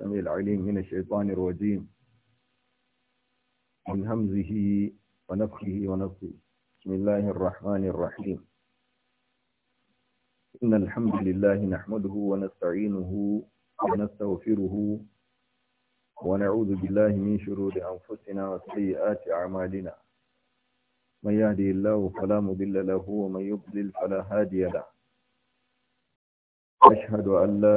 السميع العليم من الشيطان الرجيم من همزه ونفخه ونفخه بسم الله الرحمن الرحيم إن الحمد لله نحمده ونستعينه ونستغفره ونعوذ بالله من شرور أنفسنا وسيئات أعمالنا من يهدي الله فلا مضل له ومن يضلل فلا هادي له أشهد أن لا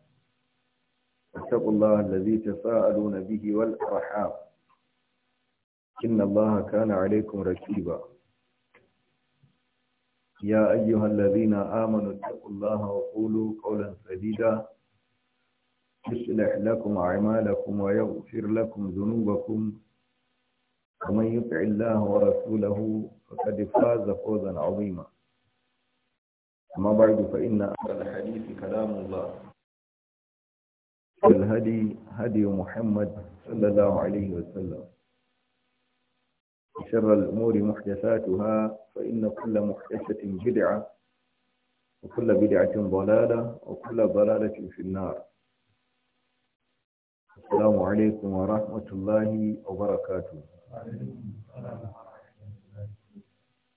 واتقوا الله الذي تساءلون به والأرحام إن الله كان عليكم ركيبا يا أيها الذين آمنوا اتقوا الله وقولوا قولا سديدا يصلح لكم أعمالكم ويغفر لكم ذنوبكم ومن يطع الله ورسوله فقد فاز فوزا عظيما أما بعد فإن أحسن الحديث كلام الله والهدي هدي محمد صلى الله عليه وسلم شر الأمور محدثاتها فإن كل محدثة بدعة وكل بدعة ضلالة وكل ضلالة في النار السلام عليكم ورحمة الله وبركاته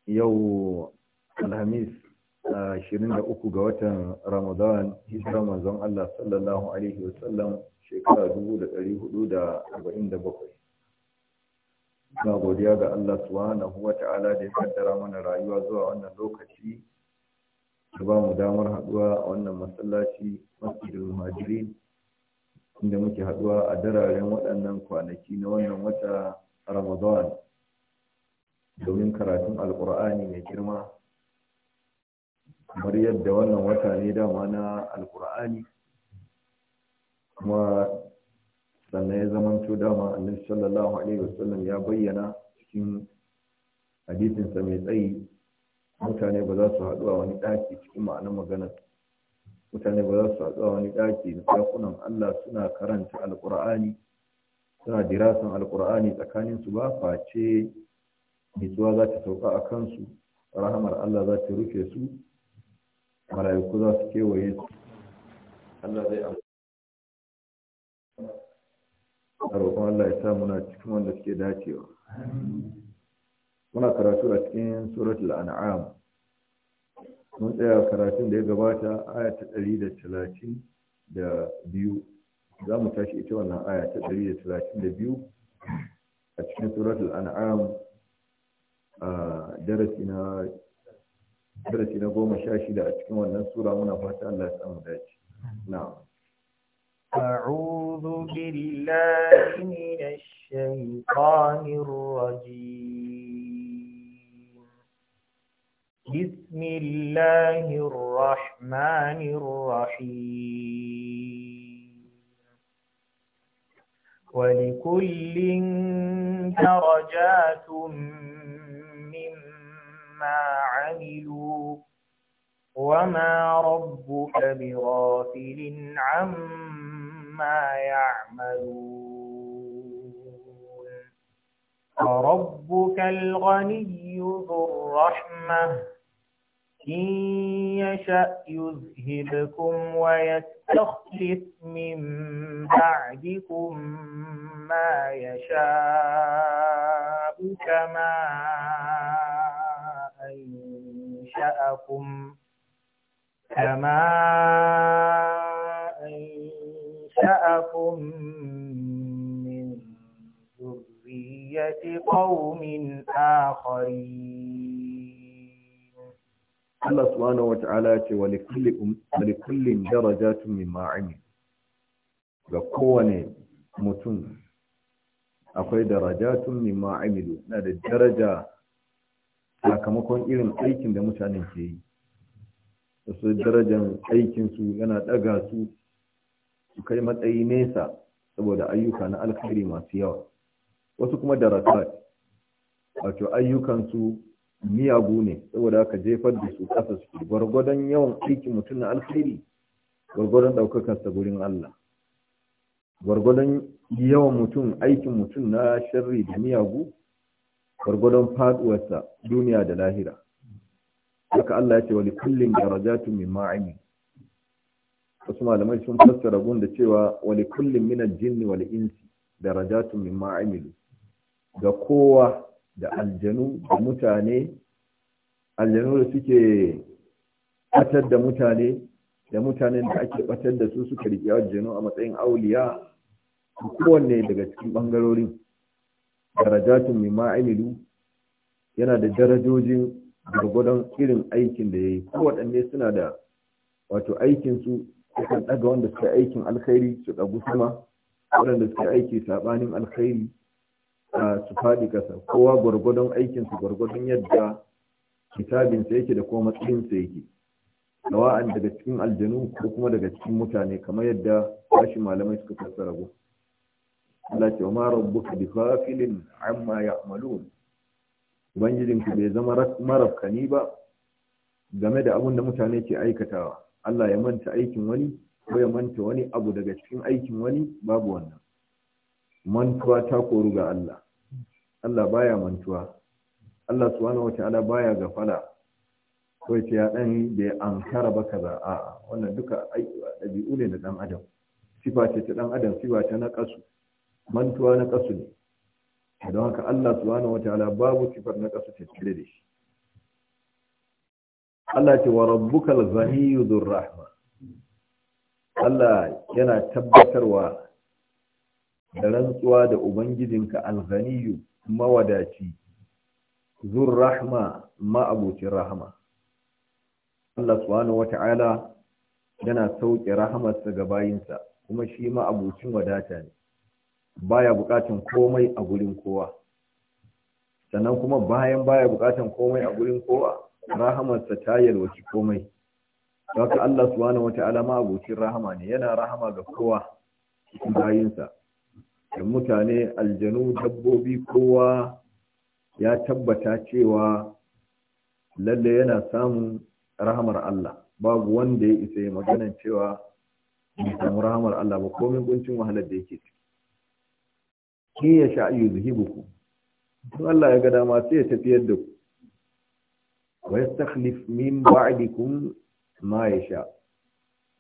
يوم الخميس 23 ga watan Ramadan hijira manzon Allah sallallahu alaihi wasallam shekara 1447 na godiya ga Allah subhanahu wa ta'ala da ya kaddara mana rayuwa zuwa wannan lokaci da ba mu damar haduwa a wannan masallaci masjidul muhajirin inda muke haduwa a dararen waɗannan kwanaki na wannan wata Ramadan domin karatun alkur'ani mai girma kamar yadda wannan wata ne dama na alkur'ani kuma sannan ya zamanto dama annabi sallallahu alaihi wasallam ya bayyana cikin hadisinsa mai tsayi mutane ba za su haɗu a wani ɗaki cikin ma'anar magana mutane ba za su haɗu a wani ɗaki da sakunan Allah suna karanta alkur'ani suna dirasan alkur'ani tsakaninsu ba face nitsuwa za ta sauka a kansu rahamar Allah za ta rufe su marayu za su kewaye su Allah zai amfani a roƙon Allah ya sa muna cikin wanda suke dacewa muna karatu a cikin suratul an'am mun tsaya karatun da ya gabata aya ta ɗari da talatin da biyu za mu tashi ita wannan aya ta ɗari da talatin da biyu a cikin suratul an'am a darasi na darasi na goma sha shida a cikin wannan sura muna fata Allah ya samu dace na'am أعوذ بالله من الشيطان الرجيم بسم الله الرحمن الرحيم ولكل درجات ما عملوا وما ربك بغافل عما يعملون وربك الغني ذو الرحمة إن يشأ يذهبكم ويستخلف من بعدكم ما يشاء كما أنشأكم كما أنشأكم من ذرية قوم آخرين الله سبحانه وتعالى ولكل, ولكل درجات مما عمل وقوة متون أخي درجات مما عملوا هذا الدرجة sakamakon irin aikin da mutane ke yi wasu darajar aikinsu yana ɗaga su su kai matsayi nesa saboda ayyuka na alkhairi masu yawa wasu kuma darasa wato ayyukansu miyagu ne saboda aka jefar da su ƙasa su gwargwadon yawan aikin mutum na alkhairi gwargwadon ɗaukakarsa gurin Allah gwargwadon yawan mutum aikin mutum na sharri da miyagu gwargwadon faduwarsa duniya da lahira haka Allah ya ce wali kullin darajatu min ma'ani wasu malamai sun fassara gun da cewa wali kullin minal jinni wal insi darajatu min ma'ani ga kowa da aljanu da mutane aljanu da suke batar da mutane da mutanen da ake batar da su suka riƙe aljanu a matsayin auliya kowanne daga cikin ɓangarorin darajatun mimma amilu yana da darajojin gwargwadon irin aikin da ya yi kowaɗanne suna da wato aikinsu sukan ɗaga wanda suka aikin alkhairi su ɗagu sama waɗanda suka aiki saɓanin alkhairi su faɗi ƙasa kowa gwargwadon aikinsu gwargwadon yadda kitabinsa yake da kuma matsayinsa yake sawa'an daga cikin aljanu ko kuma daga cikin mutane kamar yadda bashi malamai suka fassara Allah ce ma rabbuka bi ghafilin amma ya'malun ubangijin ku bai zama marafkani ba game da abin da mutane ke aikatawa Allah ya manta aikin wani ko ya manta wani abu daga cikin aikin wani babu wannan mantuwa ta koru ga Allah Allah baya mantuwa Allah subhanahu wataala baya gafala ko ce ya dan bai ankara ba kaza a'a wannan duka ɗabi'u ne na dan adam sifa ce ta dan adam sifa ta na kasu mantuwa na ƙasu ne don haka Allah subhanahu ta'ala babu sifar na kasu tattare da shi Allah ce wa rabbukal ghaniyyu dhur rahma Allah yana tabbatarwa da rantsuwa da ubangijinka al-ghaniyyu mawadaci zur rahma rahama Allah subhanahu ta'ala yana sauke rahamarsa ga bayinsa kuma shi ma'abocin wadata ne baya buƙatar komai a gurin kowa sannan kuma bayan baya bukatan komai a gurin kowa rahamarsa ta yalwaci komai haka Allah subhanahu wata'ala ma abucin rahama ne yana rahama ga kowa cikin bayinsa da mutane aljanu dabbobi kowa ya tabbata cewa lalle yana samun rahamar Allah babu wanda ya isa ya magana cewa samu rahamar Allah ba komai guncin wahalar da yake ciki Kin ya sha buku tun Allah ya gada dama sai ya tafiyar da ku wa yastakhlif min ba'dikum ma sha.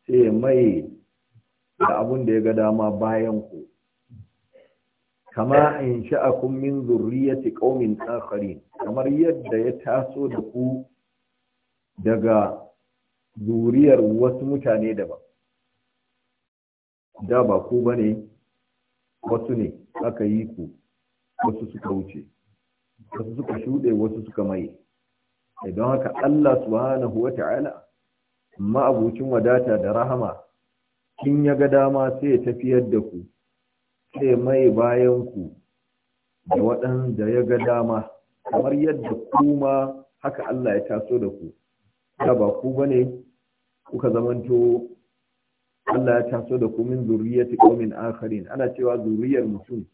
sai ya mai da abun da ya ga dama bayan ku kama in sha'akum min zurriyyati qaumin akharin kamar yadda ya taso da ku daga zuriyar wasu mutane daban da ba ku bane wasu ne aka yi ku wasu suka wuce wasu suka shuɗe wasu suka maye Idan eh, haka Allah subhanahu wa ta'ala ma'abucin wadata da rahama kin ya ga dama sai ya tafiyar da ku sai mai bayan ku da waɗanda ya ga dama kamar yadda ku ma haka Allah ya taso da ku da ba ku bane kuka zamanto Allah ya taso da kumin min kumin akharin ana cewa zuriyar mutum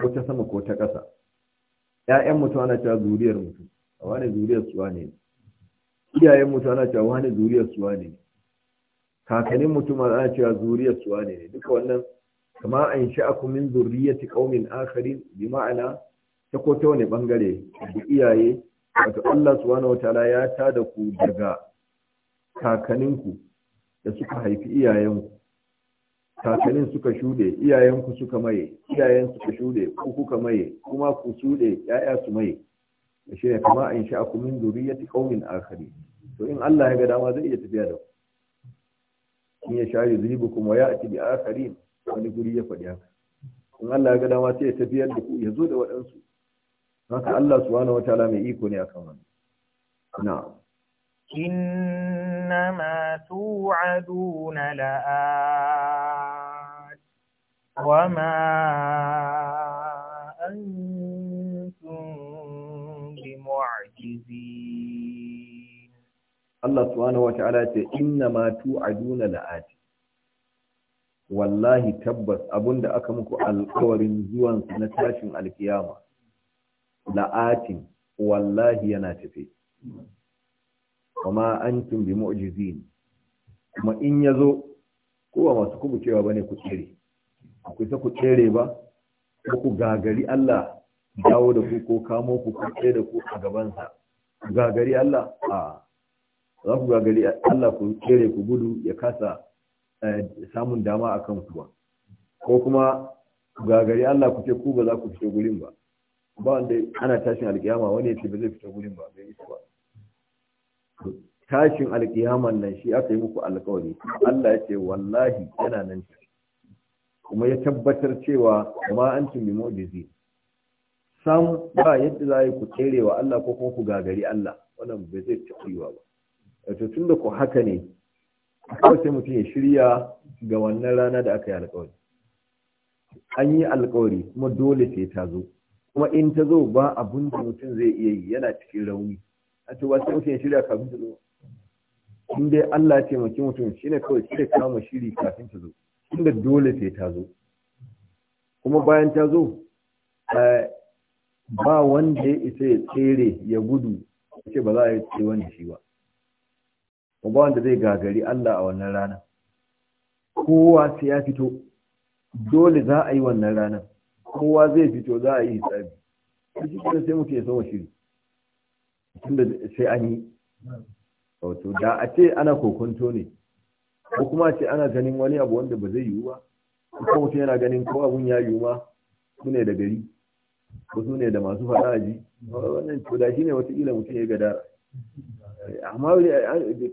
ko ta sama ko ta ƙasa ƴaƴan mutum ana cewa zuriyar mutum wani zuriyar su wane iyayen mutum ana cewa wani zuriyar su wane Kakanin mutum ana cewa zuriyar su wane ne duka wannan kama an aku min zurriyati qaumin akharin bi ma'ana ta ko ta wani bangare da iyaye wato Allah subhanahu wataala ya da ku daga kakaninku da suka haifi iyayenku kakanin suka shuɗe iyayenku suka maye iyayen suka shuɗe ku kuka maye kuma ku shuɗe ya'ya su maye da shi ne kama in sha'aku min zuriyati qaumin akhari to in Allah ya ga dama zai iya tafiya da ku in ya sha kuma ya ati bi akharin wani guri ya faɗi haka in Allah ya ga dama sai ya tafiyar da ku ya zo da waɗansu haka Allah subhanahu wataala mai iko ne akan wannan na'am ما توعدون لآت وما أنتم بمعجزين الله سبحانه وتعالى إنما توعدون لآت wallahi tabbas da aka muku alkawarin zuwansu na tashin alkiyama la'atin wallahi yana tafe kuma antum bi mu'jizin kuma in yazo kowa masu kubucewa bane ku tsere ku sa ku tsere ba ko ku gagari Allah dawo da ku ko kamo ku ku da ku a gabansa ku gagari Allah a za ku gagari Allah ku tsere ku gudu ya kasa eh, samun dama a kan ba ko kuma gagari Allah ku ce ku ba za ku fito gurin ba ba wanda ana tashin alkiyama wani ya ce ba zai fita gurin ba bai isa ba tashin alkiyaman nan shi aka yi muku alkawari Allah ya ce wallahi yana nan kuma ya tabbatar cewa ma an tumi mu'jizi sam ba yadda za ku tsere wa Allah ko kuma ku gagari Allah wannan bai zai ci yiwa ba to tunda ku haka ne ko sai mutum ya shirya ga wannan rana da aka yi alkawari an yi alkawari kuma dole sai ta zo kuma in ta zo ba abin da mutum zai iya yi yana cikin rauni a to wasu mutum ya shirya kafin ta zo in dai Allah ya taimaki mutum shine kawai shirya kama shiri kafin ta zo inda dole sai ta zo kuma bayan ta zo eh, ba wanda ya isa ya tsere ya gudu ya ce ba za a yi tsewan da shi ba ba wanda zai gagari Allah a wannan rana kowa sai ya fito dole za a yi wannan rana? kowa zai fito za a yi hisabi shi kuma sai mutum ya shiri tunda sai an yi wato da a ce ana kokonto ne ko kuma ce ana ganin wani abu wanda ba zai yiwu ba ko mutum yana ganin ko abun ya yiwu ma su ne da gari ko su ne da masu faɗa aji wannan to da shi ne wataƙila mutum ya gada amma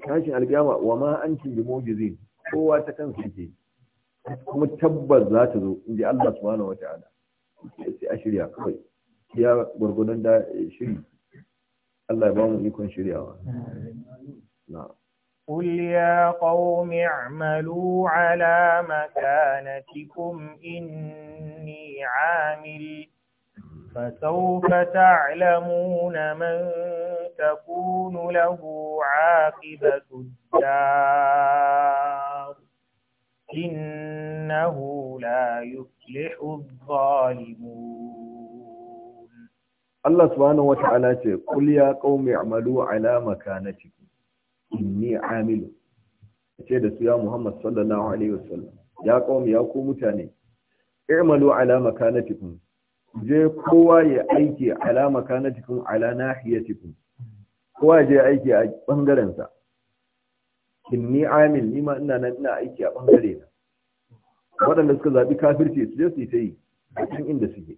kashin alƙiyama wa ma an cin bi mojizin kowa ta kan suke kuma tabbas za ta zo in ji Allah subhanahu wata'ala sai a shirya kawai ya gwargwadon da shiri الله ya ba mu ikon قل يا قوم اعملوا على مكانتكم إني عامل فسوف تعلمون من تكون له عاقبة الدار إنه لا يفلح الظالمون Allah subhanahu wata'ala ce kul ya qaumi amalu ala makanatiki inni amil ce da su ya Muhammad sallallahu alaihi wasallam ya qaumi ya ku mutane i'malu ala makanatikum je kowa ya aiki ala makanatikum ala nahiyatikum kowa je aiki a bangaren sa inni amil ni ma ina nan ina aiki a bangare na waɗanda suka zabi kafirci su je su yi ta yi a cikin inda suke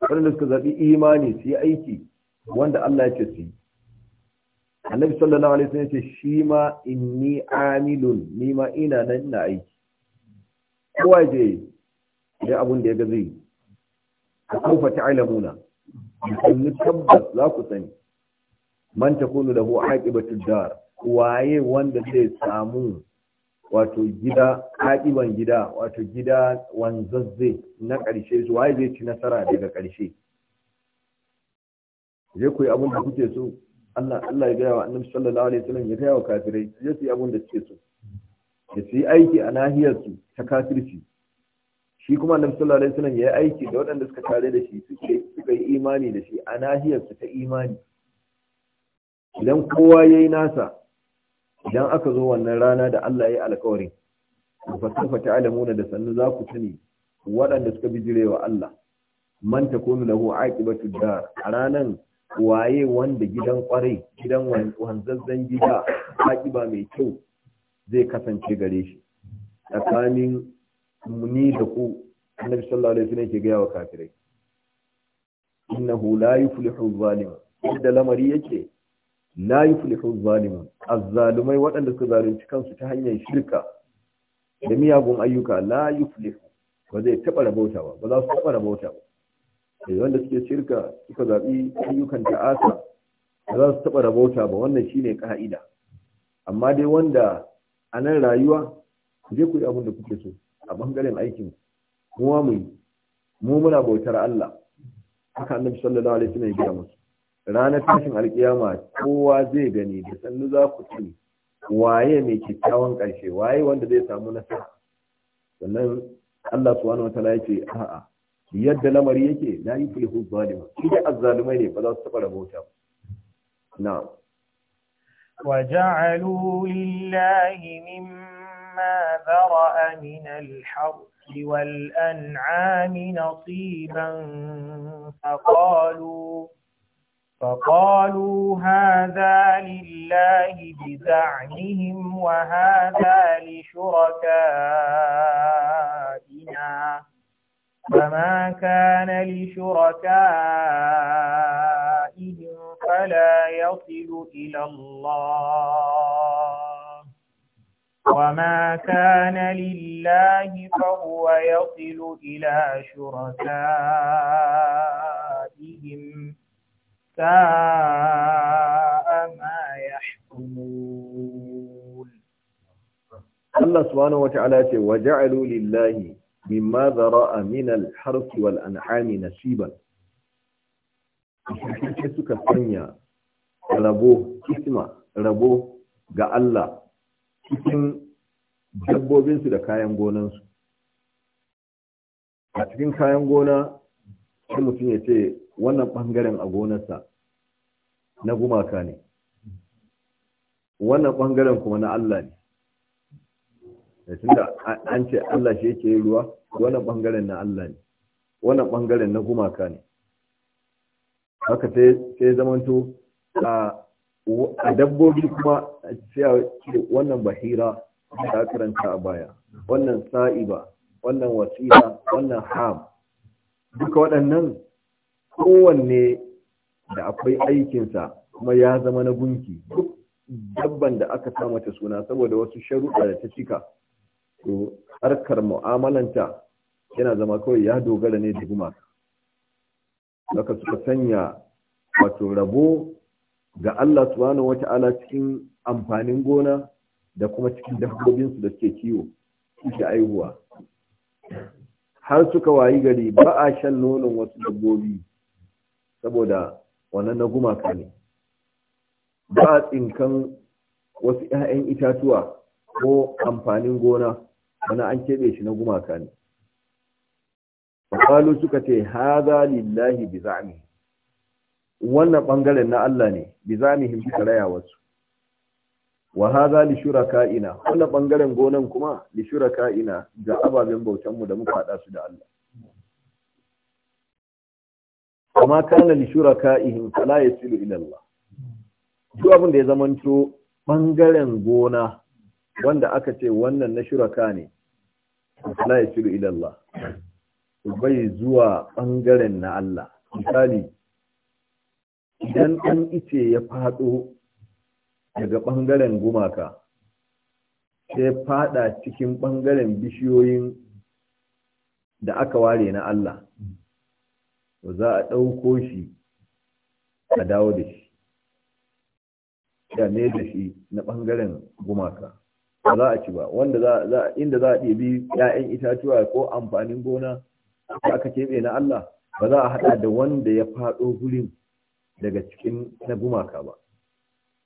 wanda suka zaɓi imani su yi aiki wanda Allah ya ce su yi annabi sallallahu alaihi wasallam ya ce shi ma inni amilun ni ma ina nan ina aiki kowa je ya abun da ya ga zai a kofa muna. in tabbas za ku sani man da lahu aqibatu dar waye wanda zai samu wato gida kaɗiban gida wato gida wanzazze na ƙarshe su waye zai ci nasara daga ƙarshe je ku yi abin da kuke so Allah Allah ya gaya wa annabi sallallahu alaihi wasallam ya gaya wa kafirai je su yi abin da suke so ya su yi aiki a nahiyar su ta kafirci shi kuma annabi sallallahu alaihi wasallam ya yi aiki da waɗanda suka tare da shi suke suka yi imani da shi a nahiyar su ta imani idan kowa yayi nasa idan aka zo wannan rana da Allah ya yi alkawari fasafa alamuna da sannu za ku sani waɗanda suka bijirewa Allah man kunu lahu aqibatu dar a ranan waye wanda gidan kwarai gidan wanzazzan gida aqiba mai kyau zai kasance gare shi tsakanin Muni da ku annabi sallallahu alaihi wasallam ke ga wa kafirai innahu la yuflihu zalim inda lamari yake la yuflihu zalimun azzalumai waɗanda suka zalunci kansu ta hanyar shirka da miyagun ayyuka la yuflihu ba zai taɓa rabauta ba ba za su taɓa rabauta ba sai eh, wanda suke shirka suka zaɓi ayyukan ta'asa ba za su taɓa rabauta ba wannan shine ka'ida amma dai wanda a nan rayuwa ku je ku yi abin da kuke so a bangaren aikin kuma mu yi mu muna bautar Allah haka annabi sallallahu alaihi wasallam ya gaya musu ranar tashin alkiyama kowa zai gani da sannu za ku ci waye mai kyakkyawan ƙarshe waye wanda zai samu nasara sannan Allah subhanahu wa ta'ala yace a'a yadda lamari yake la yuflihu shi idan azzalumai ne ba za su taba rabota ba na'am وجعلوا لله مما ذرأ من الحرث والأنعام نصيبا فقالوا فقالوا هذا لله بزعمهم وهذا لشركائنا فما كان لشركائهم فلا يصل إلى الله وما كان لله فهو يصل إلى شركائهم Allah subhanahu wa ta'ala ce wa ja'alu lillahi mimma zara'a min al-harsi wal an'ami nasiban shi suka sanya rabo kisma rabo ga Allah cikin dabbobin su da kayan gonan su a cikin kayan gona har mutum ya ce wannan ɓangaren a gonarsa na gumaka ne wannan ɓangaren kuma na Allah ne eh, da da an ce Allah shi yake yi ruwa wannan ɓangaren na Allah ne wannan ɓangaren na gumaka ne haka sai zamanto a dabbobi kuma sai a ce wannan bahira ta karanta a baya wannan sa'iba wannan wasila wannan ham duka waɗannan kowanne da akwai aikinsa kuma ya zama na gunki duk dabban da aka sa mata suna saboda wasu sharuɗa da ta cika to harkar mu'amalanta yana zama kawai ya dogara ne da gumaka saka suka sanya wato rabo ga Allah subhanahu ta'ala cikin amfanin gona da kuma cikin dabbobinsu da suke kiwo suke aihuwa har suka wayi gari ba a shan nonon wasu dabbobi saboda wannan na gumaka ne ba a tsinkan wasu 'ya'yan itatuwa ko amfanin gona wani an keɓe shi na gumaka ne Faƙalu suka ce, Haza lillahi bi wannan ɓangaren na Allah ne, bi za'amihim suka raya wasu. wa hadha li shuraka'ina wala bangaren gonan kuma li shuraka'ina ga ababen bautan mu da muka hada su da Allah kuma kana li shuraka'ihim fala yasilu ila Allah duk abin da ya zamanto bangaren gona wanda aka ce wannan na shuraka ne fala yasilu ila Allah bai zuwa bangaren na Allah misali idan an ice ya fado daga ɓangaren gumaka sai fada cikin ɓangaren bishiyoyin da aka ware na Allah za a ɗauko shi a dawo da shi ne da shi na ɓangaren gumaka ba za a ci ba wanda za inda za a ɗebi 'ya'yan itatuwa ko amfanin gona da aka keɓe na Allah ba za a haɗa da wanda ya faɗo gurin daga cikin na gumaka ba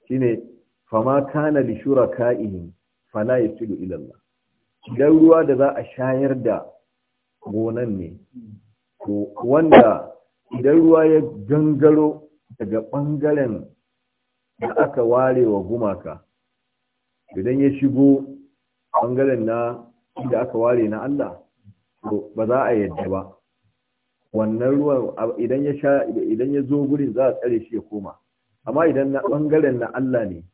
shine fama kana li shuraka'ihim fala yasilu ila Allah idan ruwa da za a shayar da gonan ne to wanda idan ruwa ya gangaro daga bangaren da aka ware wa gumaka idan ya shigo bangaren na da aka ware na Allah to ba za a yadda ba wannan ruwan idan ya idan ya zo gurin za a tsare shi ya koma amma idan na bangaren na Allah ne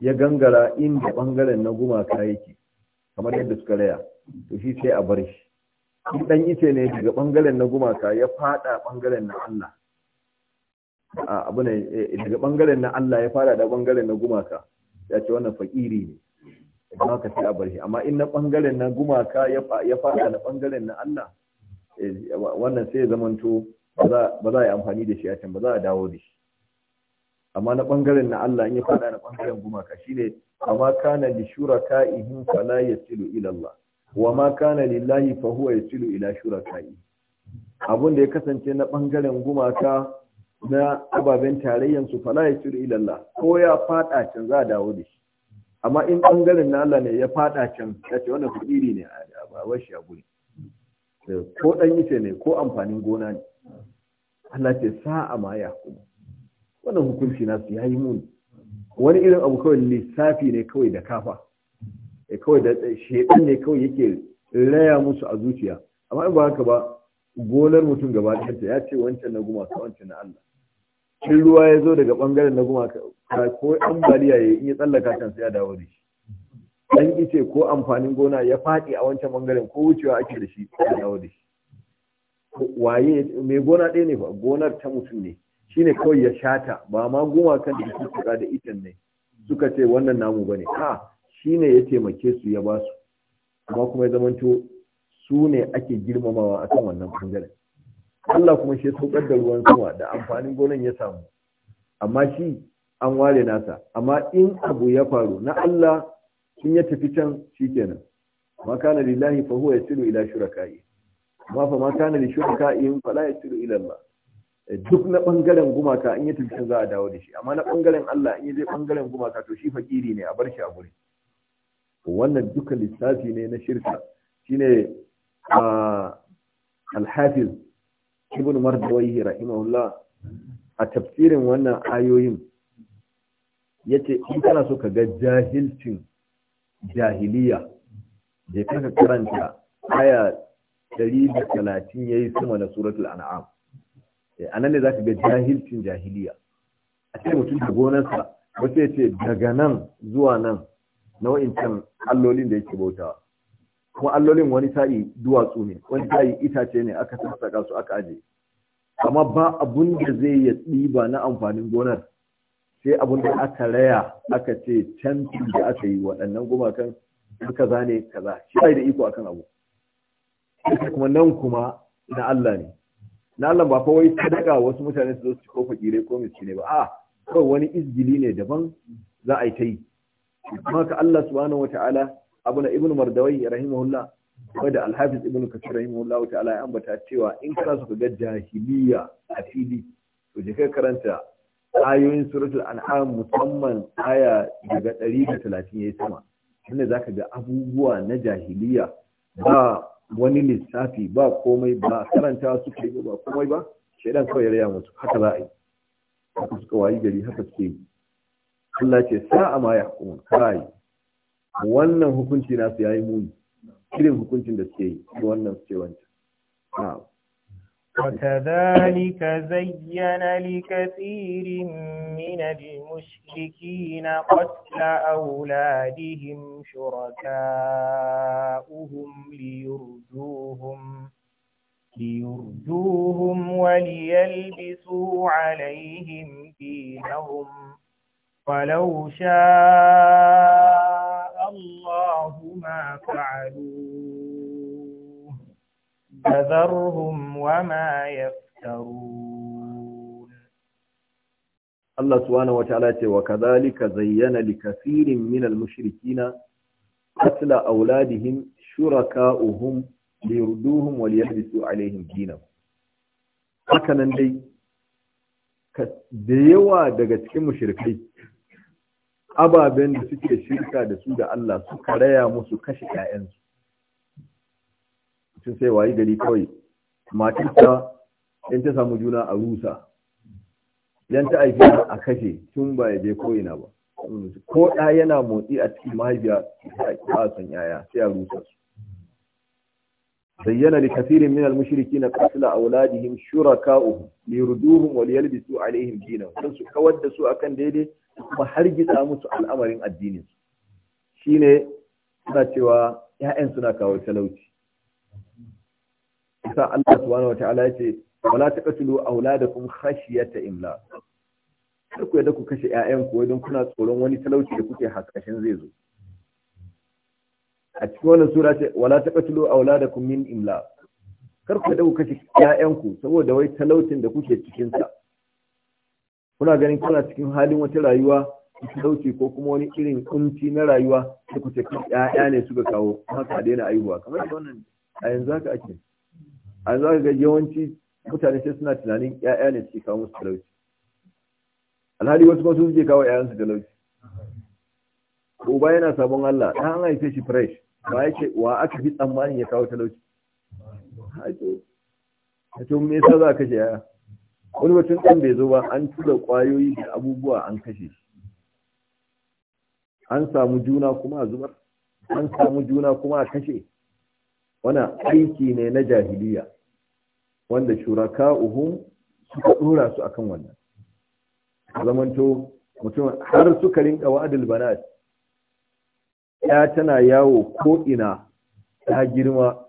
ya gangara inda bangaren na gumaka yake kamar yadda suka raya to shi sai a bar shi in dan ice ne daga bangaren na gumaka ya fada bangaren na Allah A abu ne eh, daga bangaren na Allah ya fara da bangaren na gumaka ya ce wannan fakiri ne idan haka sai a bar shi amma in na bangaren na gumaka ya fada da bangaren na Allah eh, wannan sai ya zamanto ba za a yi amfani da shi a can ba za a dawo da shi amma na bangaren na Allah in ya faɗa na bangaren gumaka shine amma kana li ihin fala yasilu ila Allah wa ma kana lillahi fa huwa yasilu ila shuraka'i abun da ya kasance na bangaren gumaka na ababen tarayyan su fala yasilu ila Allah ko ya fada can za a dawo da shi amma in bangaren na Allah ne ya fada can ya ce wannan kudiri ne a washi a guri eh, ko dan yace ne ko amfanin gona ne Allah ce sa'a ma ya kuma wannan hukunci nasu ya yi muni wani irin abu kawai lissafi ne kawai da kafa eh, kawai da eh, shaidan ne kawai yake raya musu a zuciya amma in ba haka ba gonar mutum gaba ɗayanta ya ce wancan na gumaka wancan na Allah in ruwa ya zo daga ɓangaren na gumaka ko ambaliya ya in tsallaka kan sai ya dawo da shi dan ice ko amfanin gona ya faɗi a wancan ɓangaren ko wucewa ake da shi ya dawo da shi waye mai gona ɗaya ne ba gonar ta mutum ne shine kawai ya shata ba ma gumakan da su tsira da itan ne suka ce wannan namu ba bane Shi ne ya taimake su ya ba su amma kuma ya zamanto su ne ake girmamawa a kan wannan bangaren Allah kuma shi saukar da ruwan sama da amfanin gonan ya samu amma shi an ware nasa amma in abu ya faru na Allah sun ya tafi can shikenan ma kana lillahi fa huwa yasilu ila shuraka'i ma fa ma kana li fa la yasilu ila Allah duk na bangaren gumaka in ya tafi za a dawo da shi amma na bangaren Allah in ya je bangaren gumaka to shi fakiri ne a bar shi a guri wannan duka lissafi ne na shirka shine al-hafiz ibn mardawayhi rahimahullah a tafsirin wannan ayoyin yace in kana so ka ga jahilcin jahiliya da kaka karanta aya 130 yayi sama na suratul an'am Eh, a nan ne za ka ga jahilcin jahiliya a ce mutum da gonarsa wasu ya ce daga nan zuwa nan na can allolin da yake bautawa kuma allolin wani sa'i duwatsu ne wani sa'i itace ne aka sassaka su aka aje amma ba abun da zai ya ɗiba na amfanin gonar sai abun da aka raya aka ce canci da aka yi waɗannan gumakan kaza ne kaza shi da iko akan abu kuma nan kuma na Allah ne na Allah ba fa wai sadaka wasu mutane su zo su kofa fakire ko ne ba a kawai wani izgili ne daban za a yi ta yi kuma ka Allah subhanahu wataala abu na ibnu mardawai rahimahullah kuma da alhafiz ibnu kasir rahimahullah ta'ala ya ambata cewa in kana so ka ga jahiliya a fili to je kai karanta ayoyin suratul an'am musamman aya daga 130 yayi sama inda zaka ga abubuwa na jahiliya ba wani lissafi ba komai ba karanta su yi ba komai ba shaidan kawai ya raya musu haka za a yi haka suka wayi gari haka suke yi Allah ce a ma ya hukumun kai wannan hukunci nasu yayi muni irin hukuncin da suke yi wannan suke wancan na'am وكذلك زين لكثير من المشركين قتل أولادهم شركاؤهم ليرجوهم ليردوهم وليلبسوا عليهم دينهم ولو شاء الله ما فعلوه فذرهم وما يفترون الله سبحانه وتعالى وكذلك زين لكثير من المشركين قتل أولادهم شركاؤهم ليردوهم وليلبسوا عليهم دينهم hakanan dai da yawa daga cikin mushrikai ababen da suke shirka da su da Allah suka raya musu kashe 'ya'yansu sun sai wayi gari kawai matarsa in ta samu juna a rusa idan ta aiki a kashe tun ba ya je ko'ina ba ko ɗa yana motsi a cikin mahaifiya a son yaya sai a rusa su zayyana li kafirin min al-mushriki na qatla awladihim shuraka'uhum liyurduhum wa liyalbisu alaihim dinahum dan su kawar da su akan daidai kuma har musu al'amarin addinin su shine suna cewa 'ya'yan suna kawo talauci yasa Allah subhanahu wataala ya ce wala taqtulu auladakum khashyata imla kar ku yadda ku kashe ƴaƴan ku wajen kuna tsoron wani talauci da kuke hasashen zai zo a cikin wannan sura ce wala taqtulu auladakum min imla kar ku yadda ku kashe ƴaƴan ku saboda wai talaucin da kuke cikin sa kuna ganin kuna cikin halin wata rayuwa talauci ko kuma wani irin kunci na rayuwa da ku ce ƴaƴa ne suka kawo haka daina aihuwa kamar da wannan a yanzu haka ake a za ga yawanci mutane sai suna tunanin 'ya'ya ne suke kawo musu talauci alhali wasu kuma suke kawo ƴaƴansu talauci uba yana sabon Allah dan an haife shi fresh ba yake wa aka fi tsammanin ya kawo talauci a to me yasa za ka kashe yaya wani mutum ɗan bai zo ba an tura ƙwayoyi da abubuwa an kashe shi an samu juna kuma a zubar an samu juna kuma a kashe Wani aiki ne na jahiliya wanda shuraka'uhum suka dora su akan wannan zamanto mutum har suka rinka wa'adul banat ya tana yawo ko ina ta girma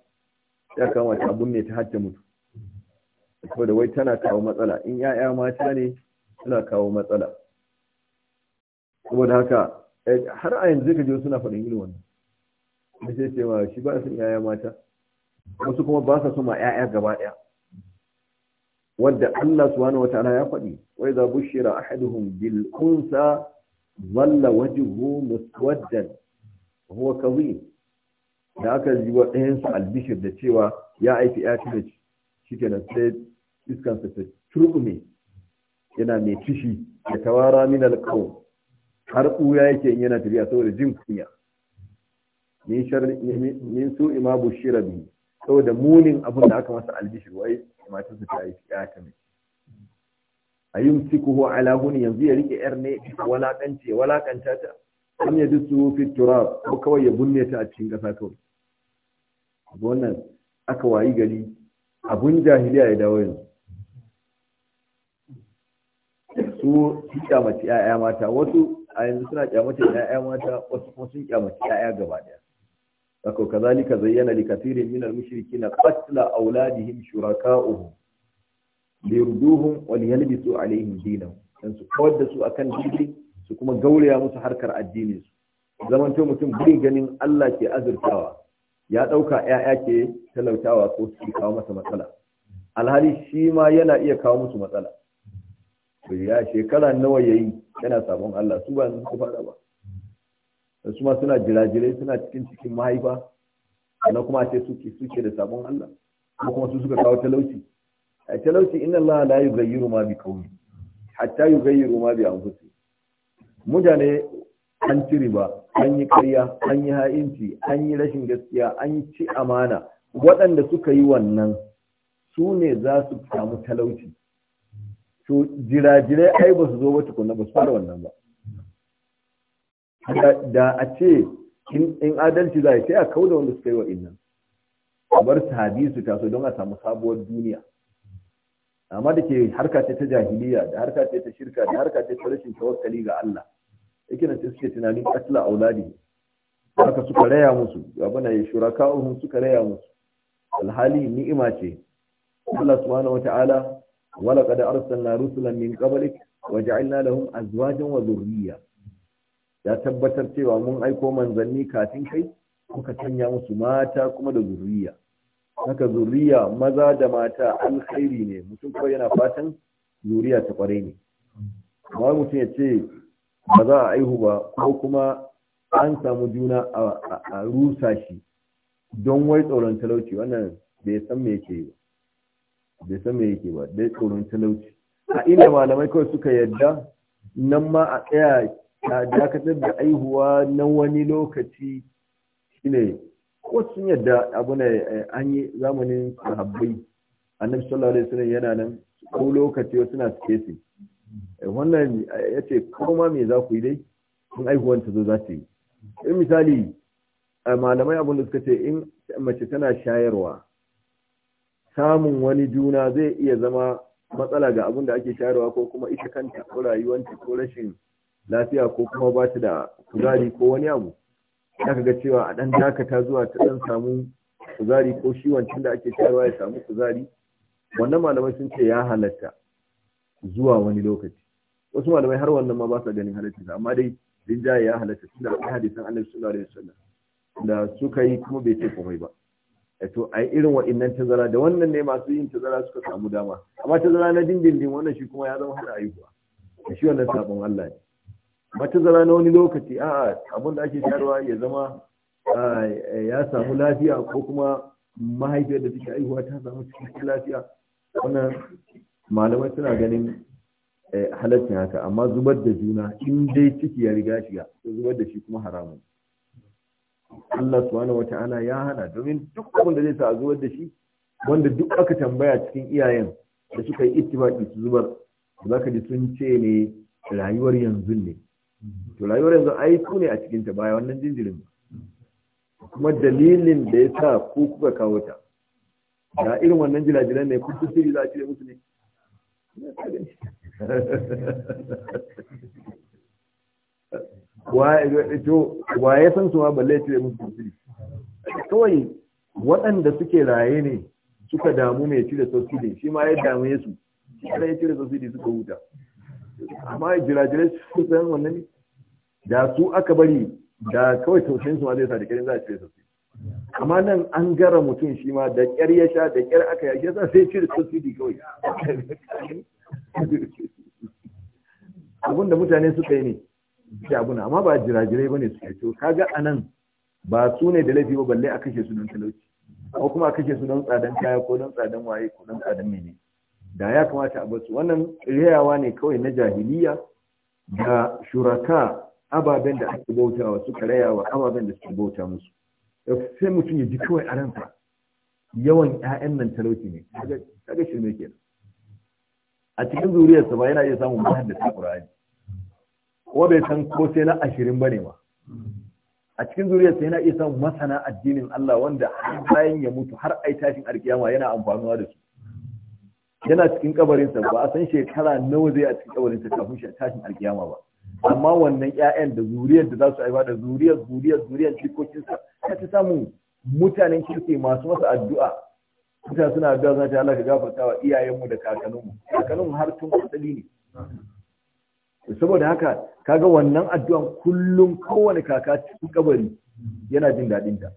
ya kamata abun ne ta hatta mutu saboda wai tana kawo matsala in ya'ya mata ne suna kawo matsala saboda haka eh, har a yanzu ka je suna faɗin irin wannan da sai ce ma shi ba su yaya mata wasu kuma ba sa ma yaya gaba daya wanda Allah subhanahu wataala ya faɗi wa idza bushira ahaduhum bil unsa dhalla wajhuhu muswaddan huwa kadhib da aka ji wa ɗayan su albishir da cewa ya aiki ya tuna shikenan sai iskan sa ta turbume yana mai kishi da tawara min alqaw har ɓuya yake yana tafiya saboda jin kunya min shar min su ima bushira bi saboda munin abin da aka masa albishir wai matar su ta yi ya ta mai ayumsikuhu ala huni yanzu ya rike yar ne walakance walakanta ta an ya dusu fi turab ko kawai ya bunne ta a cikin kasa kawai wannan aka wayi gari abun jahiliya ya dawo yanzu su sun kyamaci 'ya'ya mata wasu a yanzu suna kyamaci 'ya'ya mata wasu kuma sun kyamaci 'ya'ya gaba daya Sako kazalika zayyana li kathirin min al-mushrikina qatla awladihim shuraka'uhum liyurduhum wa liyalbisu alaihim dinahum dan su kawar da su akan dini su kuma gauraya musu harkar addini su zamanto mutum bai ganin Allah ke azurtawa ya dauka ƴaƴa ke talautawa ko su kawo masa matsala alhali shi ma yana iya kawo musu matsala ya shekara nawa yayi yana sabon Allah su ba su fara ba su ma suna jirajirai suna cikin cikin mahaifa sannan kuma a ce suke suke da sabon Allah ko kuma su suka kawo talauci a talauci inna Allah la yughayyiru ma bi qawmi hatta yughayyiru ma bi anfusi mutane an ci riba an yi karya an yi ha'inci an yi rashin gaskiya an ci amana waɗanda suka yi wannan su ne za su samu talauci to jirajirai ai ba su zo ba tukunna ba su fara wannan ba da a ce in adalci za a sai a kauda wanda suka yi wa innan a bar sahabi su taso don a samu sabuwar duniya amma da ke harka ce ta jahiliya da harka ce ta shirka da harka ce ta rashin tawakkali ga Allah yake nan suke tunanin asla auladi haka suka raya musu da ya uhun suka raya musu alhali ni'ima ce Allah subhanahu wata'ala wala qad arsalna rusulan min qablik waja'alna lahum azwajan wa dhurriyyah ya tabbatar cewa mun aiko manzanni kafin kai kuka canya musu mata kuma da zuriya haka zuriya maza da mata alkhairi ne mutum kawai yana fatan zuriya ta kwarai ne amma mutum ya ce ba za a aihu ba ko kuma an samu juna a rusa shi don wai tsoron talauci wannan bai san me yake ba bai san me yake ba dai tsoron talauci a inda malamai kawai suka yadda nan ma a tsaya ta dakatar da aihuwa na wani lokaci shine ko sun yadda abu ne eh, an yi zamanin sahabbai annabi sallallahu alaihi wasallam yana nan ko lokaci wasu na suke eh, su wannan eh, ya ce kuma me za ku yi dai in aihuwan ta zo za ta yi in misali malamai abin da suka ce in mace tana shayarwa samun wani juna zai iya zama matsala ga abin da ake shayarwa ko kuma ita kanta ko rayuwanta ko rashin lafiya ko kuma ba ta da kuzari ko wani abu ya ga cewa a ɗan dakata zuwa ta ɗan samu kuzari ko shi wancan da ake shayarwa ya samu kuzari wannan malamai sun ce ya halatta zuwa wani lokaci wasu malamai har wannan ma ba sa ganin halatta amma dai rinjaye ya halatta da akwai hadisan annabi sallallahu alaihi wasallam da suka yi kuma bai ce komai ba eh to a irin wa'innan tazara da wannan ne masu yin tazara suka samu dama amma tazara na dindindin wannan shi kuma ya zama hana ayyuka shi wannan sabon Allah ne matazara na wani lokaci a abin da ake shayarwa ya zama ya samu lafiya ko kuma mahaifiyar da take aihuwa ta samu cikin lafiya wannan malamai suna ganin e, halaccin haka amma zubar da juna in dai ciki ya riga shiga to zubar da shi kuma haramun Allah subhanahu wata'ala ya hana domin duk abin da zai sa zubar da shi wanda duk aka tambaya cikin iyayen da suka yi ittifaqi su zubar zaka ji sun ce ne rayuwar yanzu ne to rayuwar yanzu ai ku ne a cikin ta bayan wannan jinjirin kuma dalilin da ya sa ku kuka kawo ta da irin wannan jilajilan ne kun tusiri za a cire musu ne wa ya san su ma balle cire musu tusiri kawai waɗanda suke raye ne suka damu mai cire sosidi shi ma ya damu Yesu. shi ya cire sosidi suka huta amma jirajirai su san wannan ne da su aka bari da kawai taushen su ma zai sa da kirin za a cire su amma nan an gara mutum shi ma da kyar ya sha da kyar aka yake sa sai cire subsidy kawai abinda mutane suka yi ne shi abuna amma ba jirajirai ne su kai to kaga nan ba su ne da laifi ba balle a kashe su don talauci ko kuma a kashe su don tsadan kaya ko don tsadan waye ko don tsadan menene da ya kamata a basu wannan riyawa ne kawai na jahiliya da shuraka ababen da ake bautawa suka rayawa ababen da suka bauta musu sai mutum ya ji kawai a ransa yawan 'ya'yan nan talauci ne kaga shirme ke a cikin zuriyarsa ba yana iya samun da Qur'ani ko bai san ko sai na ashirin ba ne ba. a cikin zuriyarsa yana iya samun masana addinin Allah wanda har bayan ya mutu har ai tashin alkiyama yana amfanuwa da su yana cikin kabarinsa ba a san shekara nawa zai a cikin kabarinsa kafin shi tashin alkiyama ba amma wannan ƴaƴan da zuriyar da za su haifa da zuriyar zuriyar zuriyar jikokinsa ka ta samu mutanen kirki masu masa addu'a mutane suna addu'a za ta Allah ka gafarta wa iyayenmu da kakanninmu kakanninmu har tun asali ne saboda haka kaga wannan addu'an kullum kowane kaka cikin kabari yana jin daɗin ta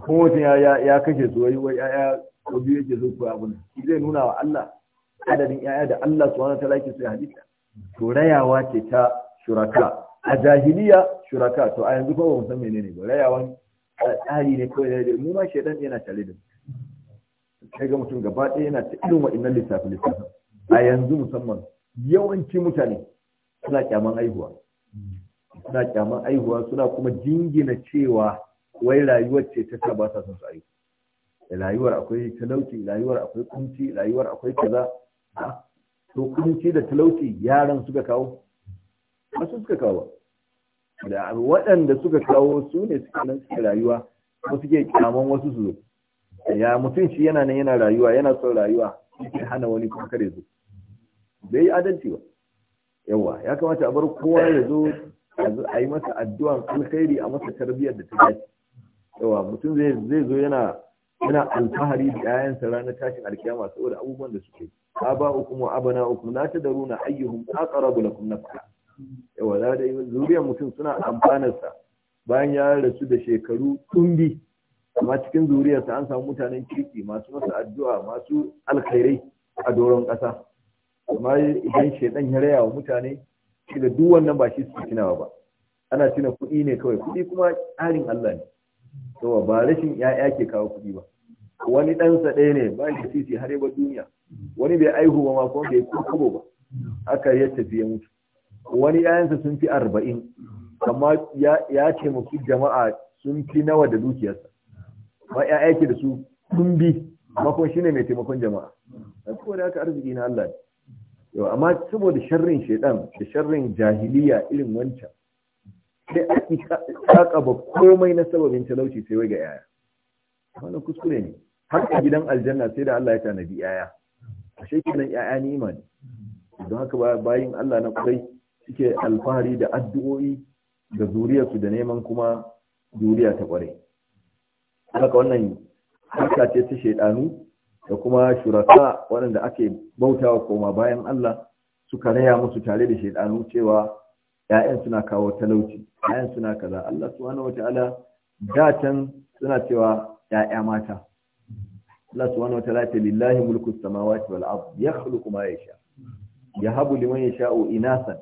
kuma ya kashe su ya ko biyu yake zo koya abun shi zai nuna wa Allah adadin yaya da Allah subhanahu wa ta'ala yake sai hadita to rayawa ce ta shuraka a jahiliya shuraka to a yanzu fa ba mu san menene ba rayawan tsari ne kawai da mu ma shedan yana tare da kai ga mutum gaba ɗaya yana ta irin wa'annan lissafi lissafi a yanzu musamman yawanci mutane suna kyaman aihuwa suna kyaman aihuwa suna kuma jingina cewa wai rayuwar ce ta ba sa son su aihu rayuwar akwai talauci rayuwar akwai kunci rayuwar akwai kaza to kunci da talauci yaran suka kawo su suka kawo da waɗanda suka kawo su ne suka nan suka rayuwa ko suke kyaman wasu su ya mutum shi yana nan yana rayuwa yana son rayuwa yake hana wani kuma kare zo bai yi adalci ba yawa ya kamata a bar kowa ya zo a yi masa addu'an alkhairi a masa tarbiyyar da ta dace yawa mutum zai zo yana yana alfahari da 'ya'yansa ranar tashin alkiyama saboda abubuwan da suke ku na ta la na ayyuhum aqrabu lakum nafa'a yawa da zuriyar mutum suna amfanar sa, bayan ya rasu da shekaru tumbi amma cikin zuriyarsa an samu mutanen kirki masu masa addu'a masu alkhairai a doron ƙasa amma idan shedan ya raya wa mutane shi da duk wannan ba shi suke tunawa ba ana tuna kuɗi ne kawai kuɗi kuma tsarin Allah ne to ba rashin ya'ya ke kawo kuɗi ba wani ɗansa ɗaya ne ba shi sisi har yabar duniya wani bai aihu ba ma ko bai kubo ba aka ya tafi ya mutu wani 'ya'yansa sun fi arba'in amma ya taimaki jama'a sun fi nawa da dukiyarsa Ba ya ke da su sun bi amma kuma shine mai taimakon jama'a da aka arziki na Allah ne amma saboda sharrin shaidan da sharrin jahiliya irin wancan sai ake kakaba komai na sababin talauci sai wai ga yaya wannan kuskure ne har a gidan aljanna sai da Allah ya tanadi yaya ashe kenan yaya ni imani don haka bayin Allah na kurai suke alfahari da addu'o'i da zuriyarsu da neman kuma zuriya ta kware haka wannan harka ce ta shaidanu da kuma shuraka waɗanda ake bautawa koma bayan Allah suka raya musu tare da shaidanu cewa 'ya'yan suna kawo talauci Ya'yan suna kaza Allah subhanahu wataala da can suna cewa 'ya'ya mata Allah subhanahu ta’ala ta lillahi mulku samawati wal ard yakhluqu ma yasha yahabu liman yasha'u inasan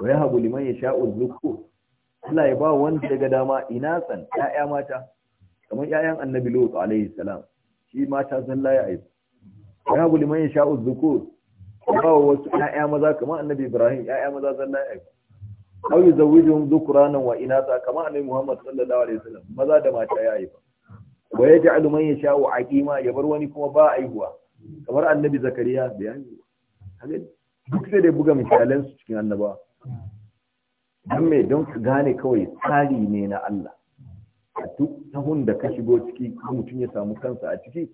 wa yahabu liman yasha'u dhukur Allah ya ba wanda daga dama inasan 'ya'ya mata kamar 'ya'yan Annabi Lut alaihi salam shi mata zalla ya aiki yahabu liman yasha'u dhukur ba wasu 'ya'ya maza kamar Annabi Ibrahim 'ya'ya maza zalla ya aw yuzawwijuhum dhukranan wa inatha kama annabi Muhammad sallallahu alaihi wasallam maza da mata ya yi wa yaj'alu man yasha'u aqima ya bar wani kuma ba aihuwa kamar annabi Zakariya bayani duk sai da buga misalan su cikin annaba dan me don ka gane kawai tsari ne na Allah duk tahun da ka shigo ciki mutum ya samu kansa a ciki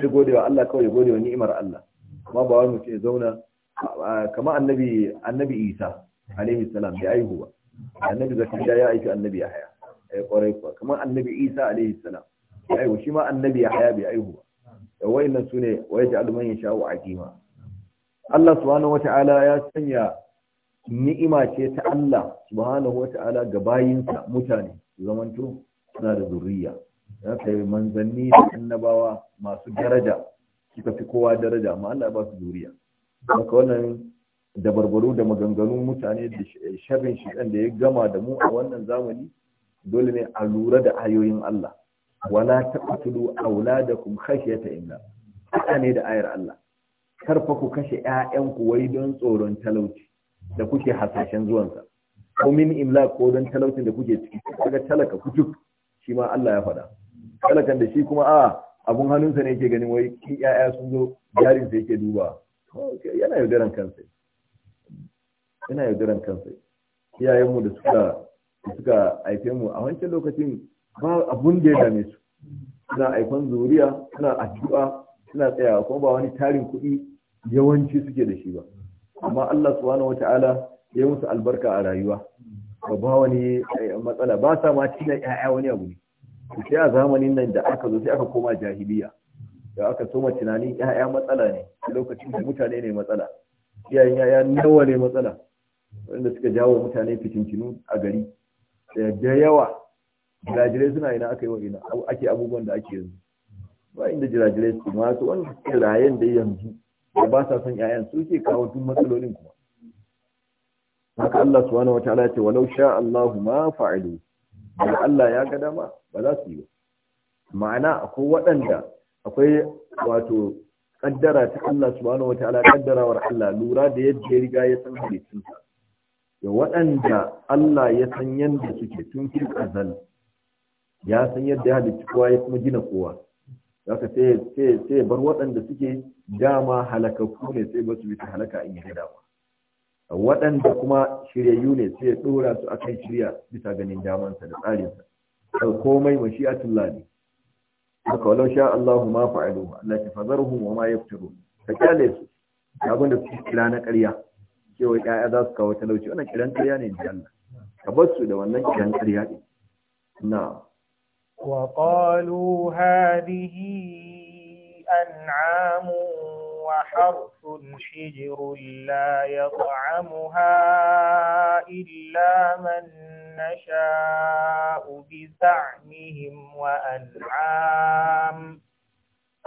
sai gode wa Allah kawai ya wa ni'imar Allah kuma ba wani mutum ya zauna kama annabi annabi Isa alaihi salam bai aihu ba annabi zakariya ya aiki annabi yahaya ai eh, kwarai kuwa kamar annabi isa alaihi salam bai aihu shi ma annabi yahaya bai aihu ba da eh, wayannan sune waya ta alman ya sha'u aqima Allah subhanahu wata'ala ya sanya ni'ima ce ta Allah subhanahu wata'ala ga bayinsa mutane zamanto suna da zuriya. ya kai manzanni da annabawa masu daraja suka fi kowa daraja amma Allah ba su zuriya haka wannan da barbaro da maganganun mutane da eh, sharrin shiɗan da ya gama da mu a wannan zamani dole ne a lura da ayoyin Allah wala taqtulu auladakum khashyata illa haka ne da ayar Allah karfa ku kashe 'ya'yanku wai don tsoron talauci da kuke hasashen zuwansa ko min imla ko don talauci da kuke ciki daga talaka ku cuk? shi ma Allah ya faɗa talakan da shi kuma a abun hannunsa ne yake ganin wai kin 'ya'ya sun zo jarin yake duba yana yaudaran kansa yana yaudaran kansa iyayenmu da suka suka haife mu a wancan lokacin ba abun da ya dame su suna haifan zuriya suna addu'a suna tsayawa kuma ba wani tarin kuɗi yawanci suke da shi ba amma Allah subhanahu wata'ala ya musu albarka a rayuwa ba ba wani eh, matsala ba sa ma tina ƴaƴa wani abu ne sai a zamanin nan da aka zo sai aka koma jahiliya da aka soma tunanin ƴaƴa matsala ne lokacin da mutane ne matsala iyayen ƴaƴa nawa ne matsala wanda suka jawo mutane fitintinu a gari da yawa jirajirai suna ina aka yi wa ina ake abubuwan da ake yanzu ba inda jirajirai su masu wanda suke rayen da yanzu da ba sa son 'ya'yan su ke kawo tun matsalolin kuma haka Allah subhanahu wataala ce walau sha Allahu ma fa'alu da Allah ya ga dama ba za su yi ma'ana akwai waɗanda akwai wato kaddara ta Allah subhanahu wataala kaddarawar Allah lura da yadda ya riga ya san halittunsa. da waɗanda Allah ya san yadda suke tun fi ya san yadda ya halicci kowa ya kuma gina kowa zaka sai sai bar waɗanda suke dama halakakku ne sai basu bi ta halaka in yi dama waɗanda kuma shiryayyu ne sai ya ɗora su akan shirya bisa ganin damansa da tsarinsa ɗan komai mashi'atullah ne haka walau sha Allahu ma fa'alu Allah ya fazarhum wa ma yaftirun ka kyale su abin da suke kira na ƙarya cewa ƴaƴa za su kawo talauci wannan kiran ƙarya ne da Allah ka bar su da wannan kiran ƙarya ne na wa qalu hadhihi an'am wa harfun shijr la yat'amuha illa man nasha'u bi za'mihim wa an'am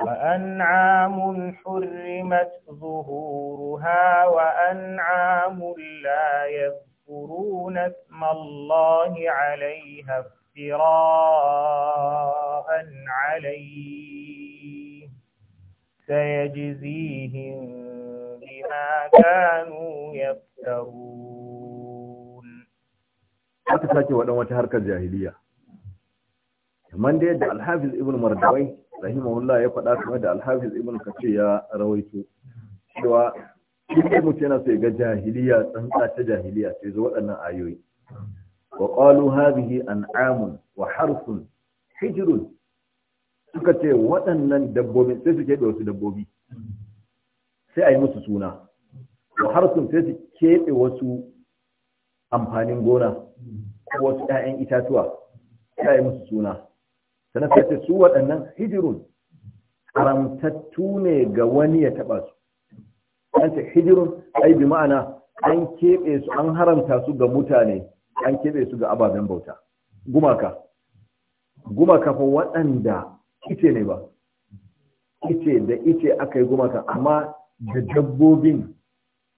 وأنعام حرمت ظهورها وأنعام لا يذكرون اسم الله عليها افتراء عليه سيجزيهم بما كانوا يفترون aka sake waɗan wata الجاهلية من kamar da yadda rahimahullah ya faɗa kamar da alhafiz ibn kace ya rawaito cewa duk mutum yana so ya ga jahiliya tsantsa ta jahiliya sai zo waɗannan ayoyi wa qalu hadhihi an'amun wa harsun hijrun suka ce waɗannan dabbobin sai su keɓe wasu dabbobi sai a yi musu suna wa harsun sai su keɓe wasu amfanin gona ko wasu 'ya'yan itatuwa sai a yi musu suna sannan sai su waɗannan hijirun haramtattu ne ga wani ya taɓa su an ce hijirun ai bi ma'ana an keɓe su an haramta su ga mutane an keɓe su ga ababen bauta gumaka gumaka fa waɗanda ice ne ba ice da ice aka yi gumaka amma da dabbobin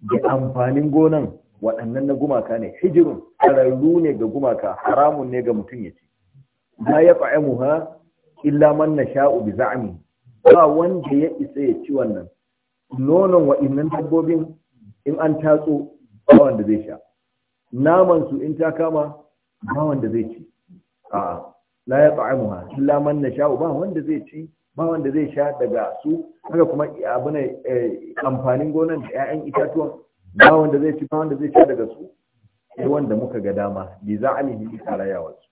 da amfanin gonan waɗannan na gumaka ne hijirun ƙararru ne ga gumaka haramun ne ga mutum ya ci la ha illa man nasha'u bi za'mi ba wanda ya isa ya ci wannan nonon wa'innan dabbobin in an tatso ba wanda zai sha naman su in ta kama ba wanda zai ci a la ha illa man nasha'u ba wanda zai ci ba wanda zai sha daga su haka kuma abu ne eh, amfanin gonan da 'ya'yan itatuwan ba wanda zai ci ba wanda zai sha daga su sai wanda muka ga dama bi za'amihi bi yawansu.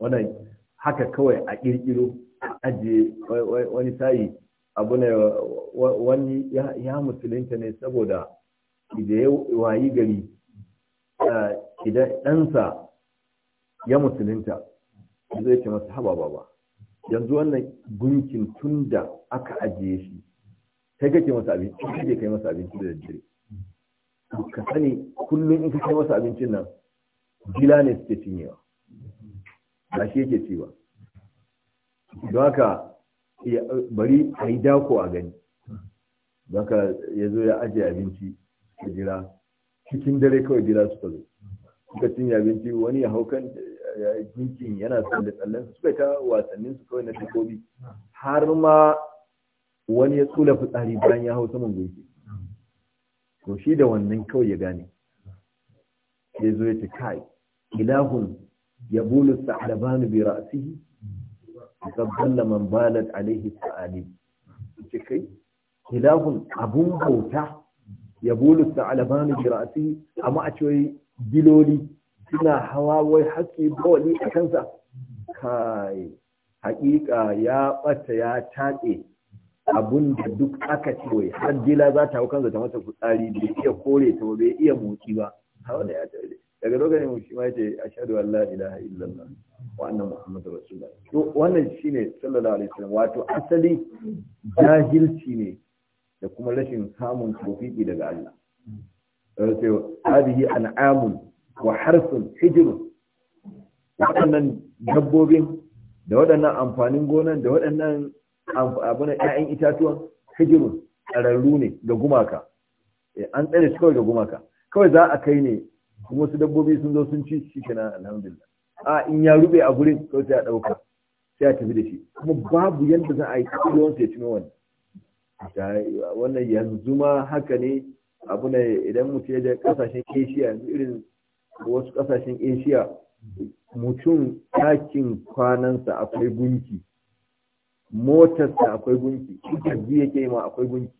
wannan haka kawai a kirkiro ajiye wani sayi abu ne wani ya musulunta ne saboda da ya wayi gari idan ɗansa ya musulunta zai ce masa haba baba yanzu wannan gunkin tun da aka ajiye shi sai kake masa abinci kake kai masa abinci da daddare ka sani kullum in ka kai masa abincin nan gila ne suke cinyewa ba shi yake cewa ba don haka bari a yi dako a gani don haka ya zo ya ajiye abinci a jira cikin dare kawai jira suka zo suka cinye abinci wani ya hau kan jinkin yana da tsallen su suka ta wasannin su kawai na takobi har ma wani ya tsula fitsari bayan ya hau saman gunki to shi da wannan kawai ya gane ya zo ya ce kai ilahun يبول الثعلبان برأسه وقد ظل من بالت عليه الثعالب كي خلاف أبو بوتا يبول الثعلبان برأسه أما أتوي دلولي سنا حواوي حكي بولي أكنسا كاي حقيقة يا بطا يا تاتي abun da duk aka ce wai har gila za ta hau kansa ta mata fitsari da iya kore ta ba bai iya motsi ba a wanda ya tare daga lokacin shi ma yace ashhadu an la ilaha illallah wa anna muhammadar rasulullah to wannan shine sallallahu alaihi wasallam wato asali jahilci ne da kuma rashin samun tawfiqi daga Allah sai hadihi an'amun wa harsun hijr wannan dabbobin da waɗannan amfanin gonan da waɗannan abin ƴaƴan itatuwan hijr tsararru ne ga gumaka eh, an tsare su kawai ga gumaka kawai za a kai ne kuma wasu dabbobi sun zo sun ci shi kenan alhamdulillah a in ya rube a gurin kawai sai a ɗauka sai a tafi da shi kuma babu yadda za a yi kudin ya tuno wani wannan yanzu ma haka ne abu ne idan mutum ya je kasashen asia irin wasu kasashen asia mutum takin kwanansa akwai gunki motarsa akwai gunki jirgi yake ma akwai gunki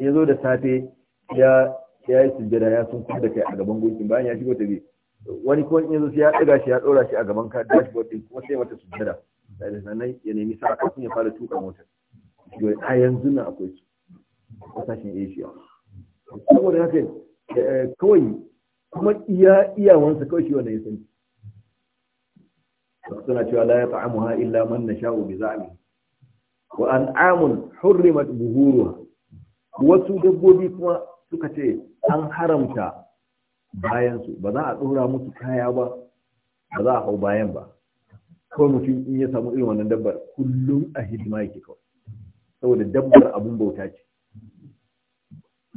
ya zo da safe ya ya yi sujjada ya sun kuma kai a gaban gunkin bayan ya shigo ta bi wani ko in yazo sai ya daga shi ya dora shi a gaban ka dashboard din kuma sai mata sujjada da sanai ya nemi sa'a kafin ya fara tuka motar to a yanzu na akwai su kasashen Asia saboda haka eh, kawai kuma iya iyawansa kawai shi wanda ya sani suna cewa la ya ta'amuha illa man nasha'u bi za'mi wa an'amun hurrimat buhuruha wasu dabbobi kuma suka ce an haramta bayansu ba za a ɗora musu kaya ba ba za a hau bayan ba kawai mutum in ya samu irin wannan dabbar kullum a hidima yake kawai saboda dabbar abun bauta ce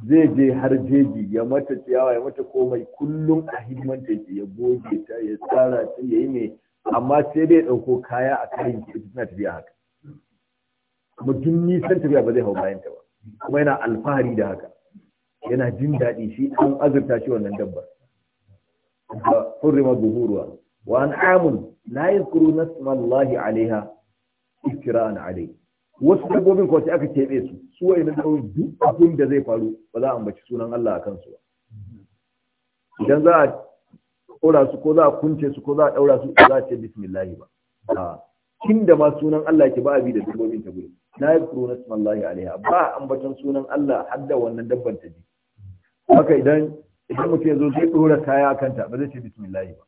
zai je har jeji ya mata ciyawa ya mata komai kullum a hidimanta yake ya goge ta ya tsara ta ya yi mai amma sai dai ɗauko kaya a kayan ki suna tafiya haka kuma duk nisan tafiya ba zai hau bayan ta ba kuma yana alfahari da haka yana jin daɗi shi an azurta shi wannan dabba da furrima zuhuruwa wa an amun la yadhkuru nasmallahi alaiha iftira'an alai wasu dabbobin ko sai aka keɓe su su wai na duk abin da zai faru ba za a ambaci sunan Allah a kansu ba idan za a kora su ko za a kunce su ko za a ɗaura su za a ce bismillahi ba a kin da ma sunan Allah ke ba a bi da dabbobin ta gudu la yakuru nasmallahi alaiha ba ambatan sunan Allah har da wannan dabban ta ji haka idan idan mutum ya zo zai dora kaya a kanta ba zai ce bismillah ba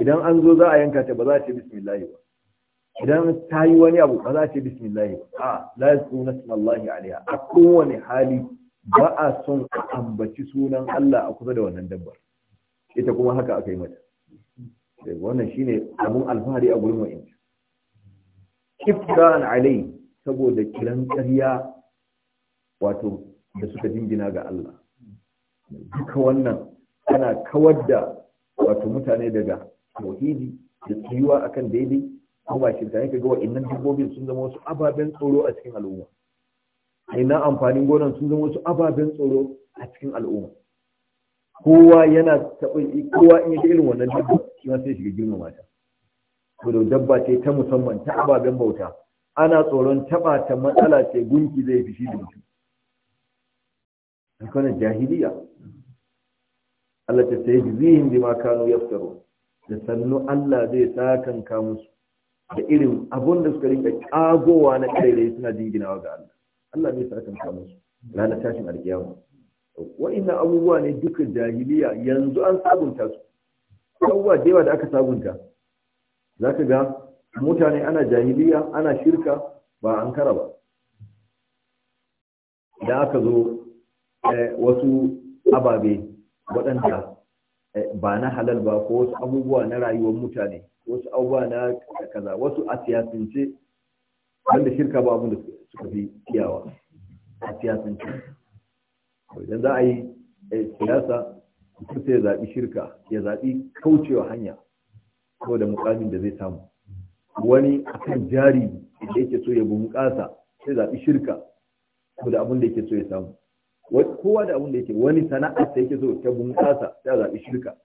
idan an zo za a yanka ta ba za a ce bismillah ba idan ta yi wani abu ba za a ce bismillah ba a la yakuru nasmallahi alaiha a kowane hali ba a son a ambaci sunan Allah a kusa da wannan dabbar ita kuma haka aka yi mata eh, wannan shine abun alfahari a gurin wa'in ifkan alai saboda kiran ƙarya wato da suka jingina ga Allah duka wannan ana kawar da wato mutane daga tauhidi da tsayuwa akan daidai ko ba ta ga kaga wa'annan dabbobin sun zama wasu ababen tsoro a cikin al'umma ina amfanin gonan sun zama wasu ababen tsoro a cikin al'umma kowa yana taɓa kowa in yake irin wannan dabba shi ma sai shiga girmama ta to dabba ce ta musamman ta ababen bauta ana tsoron taɓa ta matsala ce gunki zai fi shi da mutum hakanan jahiliya Allah ta sai zihin bi ma kanu yaftaro da sannu Allah zai sakanka musu da irin abun da suka rinka kagowa na kare suna jinginawa ga Allah Allah zai sakanka musu ranar tashin alkiyama wa'ina abubuwa ne duka jahiliya yanzu an sabunta su abubuwa da yawa da aka sabunta za ka ga mutane ana jahiliya ana shirka ba an kara ba da aka zo eh, wasu ababe waɗanda eh, ba na halal ba ko wasu abubuwa na rayuwar mutane wasu abubuwa na kaza wasu a siyasance wanda shirka ba abin da suka fi kiyawa a siyasance idan za a yi eh, siyasa mutum sai ya zaɓi shirka ya zaɓi kaucewa hanya ko da mukamin da zai samu wani akan jari da yake so ya bunƙasa sai zaɓi shirka ko da abin da yake so ya samu kowa da abin da yake wani sana'a da yake so ta bunƙasa sai zaɓi shirka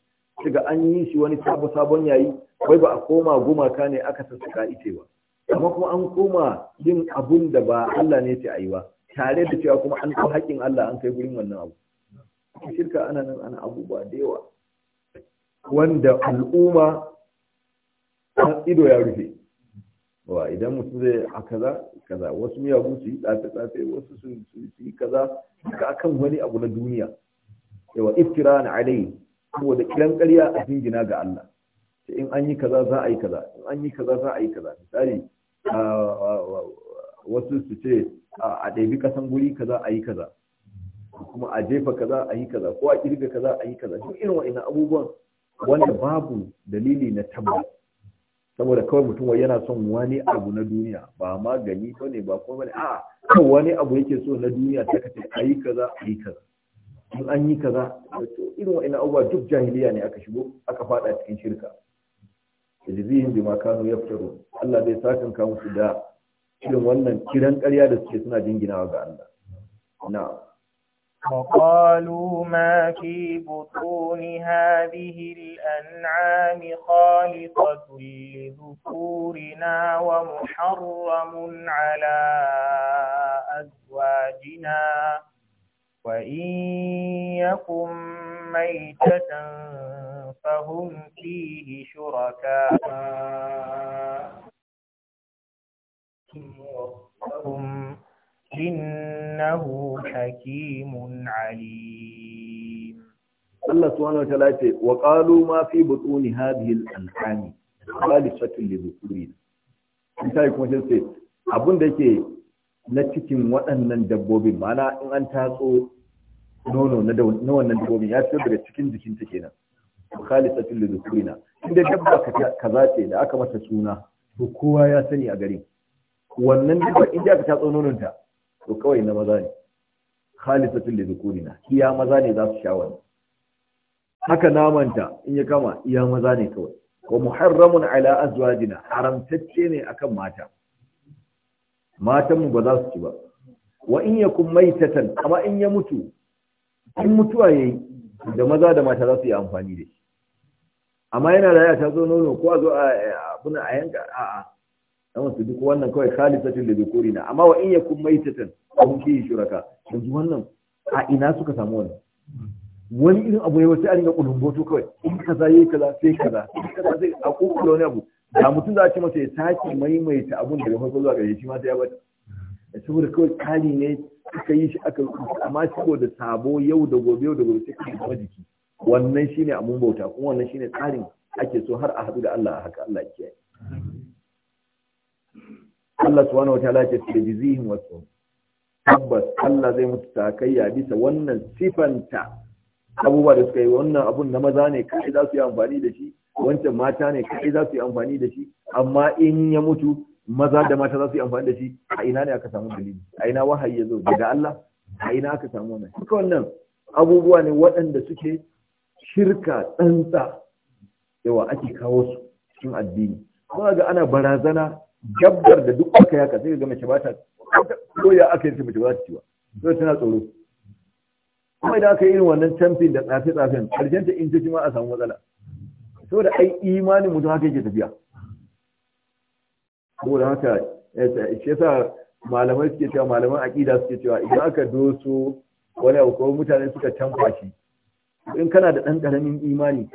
Shiga an yi shi wani sabon sabon yayi wai ba a koma gumaka ne aka sassaka ice ba amma kuma an koma yin abun da ba Allah ne ce yi ba tare da cewa kuma an ɗau haƙƙin Allah an kai gurin wannan abu shirka ana nan ana abubuwa da yawa wanda al'umma an ido ya rufe wa idan mutum zai a kaza kaza wasu miyagu su yi tsafe tsafe wasu su yi kaza duka akan wani abu na duniya yawa iftira na alai saboda kiran karya a jingina ga Allah sai in an yi kaza za a yi kaza in an yi kaza za a yi kaza misali wasu su ce a ɗabi kasan guri kaza a yi kaza kuma a jefa kaza a yi kaza ko a kirga kaza a yi kaza duk irin wa'annan abubuwan wanda babu dalili na tabbas saboda kawai mutum wai yana son wani abu na duniya ba magani ba ne ba kuma ne a wani abu yake so na duniya ta kace ayi yi kaza ayi kaza in an yi kaza to irin wa'ina abubuwa duk jahiliya ne aka shigo aka fada cikin shirka tajzihin bima kanu yaftaru Allah zai sakan ka musu da irin wannan kiran ƙarya da suke suna jinginawa ga Allah na'am وقالوا ما في بطون هذه الأنعام خالقة لذكورنا ومحرم على أزواجنا وإن يكن ميتة فهم فيه شركاء innahu hakimun alim Allah subhanahu wa ta'ala ce wa qalu ma fi butuni hadhihi al-an'ami khalifatun li dhukuri sai kuma sai abin da yake na cikin waɗannan dabbobin mana in an tatso nono na wannan dabbobin ya fito daga cikin jikin ta kenan khalisatul lidhukurina inda dabba kaza ce da aka mata suna to kowa ya sani a garin wannan dabba inda aka tatso nonon ta to kawai na maza ne khalisatul li na. iya maza ne za su sha wani. haka namanta in ya kama iya maza ne kawai wa muharramun ala azwajina haramtacce ne akan mata matan mu ba za su ci ba wa in yakun maitatan amma in ya mutu in mutuwa yayi da maza da mata za su yi amfani da shi amma yana da ya ta zo nono ko a zo a yanka a'a dan su duk wannan kawai khalisatin da zikuri na amma wa in yakun maitatan mun fi shuraka yanzu wannan a ina suka samu wannan wani irin abu ya wasu a ringa kulumboto kawai in kaza yi kaza sai kaza kaza sai a kokula wani abu da mutum za a ce masa ya sake maimaita abun daga farko zuwa ƙarshe shi ma sai ya bata saboda kawai kali ne aka yi shi aka amma da sabo yau da gobe yau da gobe sai kai kuma jiki wannan shine abun bauta kuma wannan shine tsarin ake so har a haɗu da Allah haka Allah ya kiyaye Allah Wani wata wataala su da jizihin wasu tabbas Allah zai mutu takayya bisa wannan sifanta abubuwa da suka yi wannan abun na maza ne kai za su yi amfani da shi wancan mata ne kai za su yi amfani da shi amma in ya mutu maza da mata za su yi amfani da shi a ina ne aka samu dalili a ina wahayi ya zo daga Allah a ina aka samu wannan duka wannan abubuwa ne waɗanda suke shirka tsantsa yawa ake kawo su cikin addini kuma ga ana barazana Jabbar da duk aka yaka sai ga mace ba ta ko ya aka yi mace ba ta ciwa to sai tana tsoro kuma idan aka yi irin wannan champion da tsafe tsafen karshen ta in ta ma a samu matsala saboda ai imanin mutum haka yake tafiya da haka eh, shi yasa malamai suke cewa malaman aqida suke cewa idan aka doso wani abu ko mutane suka canfa shi in kana da dan karamin imani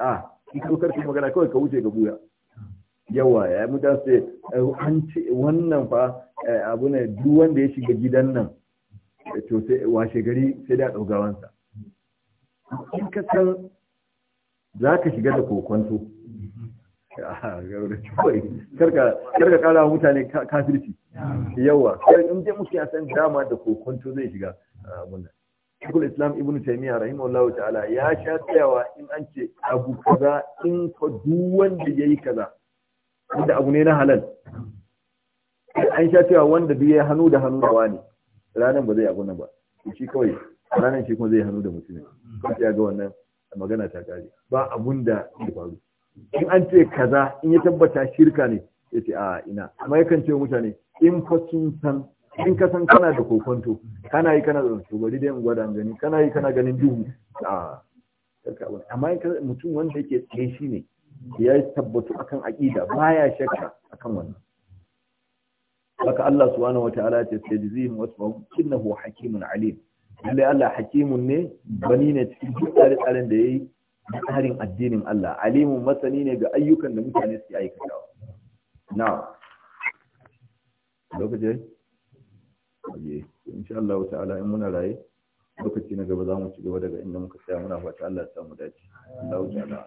a ki kokar magana kawai ka wuce ga buya yawa ya mutane su eh, an ce wannan fa eh, abu ne duk wanda ya shiga gidan nan eh, to sai washe gari sai da ɗaugawansa in ka san za ka shiga da kokonto karka kara mutane kafirci yawa in je muke ya san dama da kokonto zai shiga ah, abunan Shukul Islam Ibn Taymiyyah rahimahullahu ta'ala ya sha tsayawa in an ce abu kaza in ka duwanda ya yi kaza inda abu ne na halal an sha cewa wanda biya hannu da hannu da wani ranar ba zai abu nan ba shi kawai ranar shi kuma zai hannu da mutum kawai ya ga wannan magana ta kare ba abun da ya faru in an ce kaza in ya tabbata shirka ne ya ce a ina amma yakan ce mutane in fa sun san in ka san kana da kokonto kana yi kana da to bari dai gwada gani kana yi kana ganin duhu a amma mutum wanda yake tsaye shi ne ya tabbatu akan aqida baya shakka akan wannan haka Allah subhanahu wataala ya ce tajzihim wasfahum innahu hakimun alim lalle Allah hakimun ne bani ne cikin duk tsare-tsaren da yayi tsarin addinin Allah alimun masani ne ga ayyukan da mutane suke aikatawa na lokaci aje insha Allah ta'ala in muna raye lokaci na gaba za mu ci gaba daga inda muka tsaya muna fata Allah ya samu dace Allah ta'ala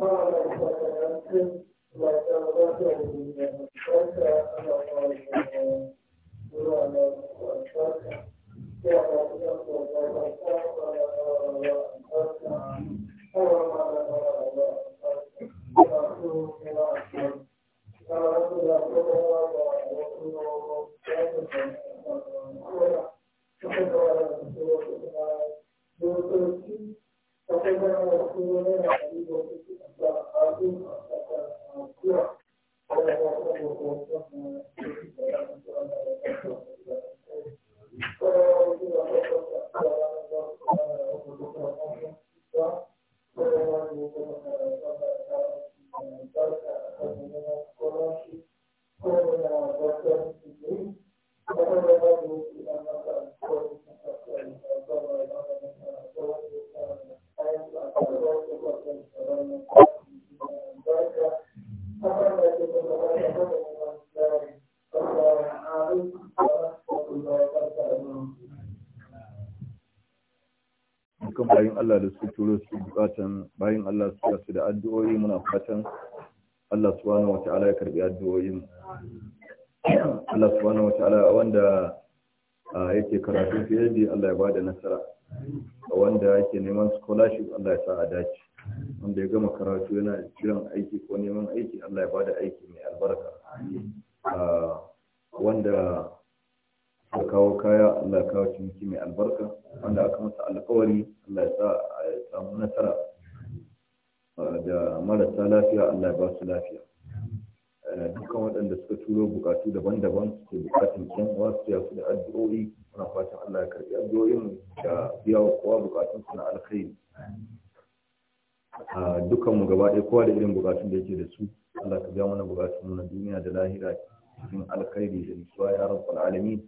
Thank you. rabi Allah ya ba da nasara a wanda yake neman scholarship Allah ya sa a dace wanda ya gama karatu yana jiran aiki ko neman aiki Allah ya ba da aiki mai albarka ah, wanda ya kawo kaya Allah ya kawo ciniki mai albarka wanda aka masa alkawari Allah ya sa a samu nasara ah, da marasa lafiya Allah ya ba su lafiya Eh, dukkan waɗanda suka turo bukatu daban-daban suke bukatun yan uwa su ya su da addu'o'i muna fatan Allah ya karɓi addu'o'in da biya wa kowa bukatun su na alkhairi ah, dukkan mu gaba ɗaya kowa da irin bukatun da yake da su Allah ka biya mana bukatun mu na duniya da lahira cikin alkhairi da nutsuwa ya rabbal alamin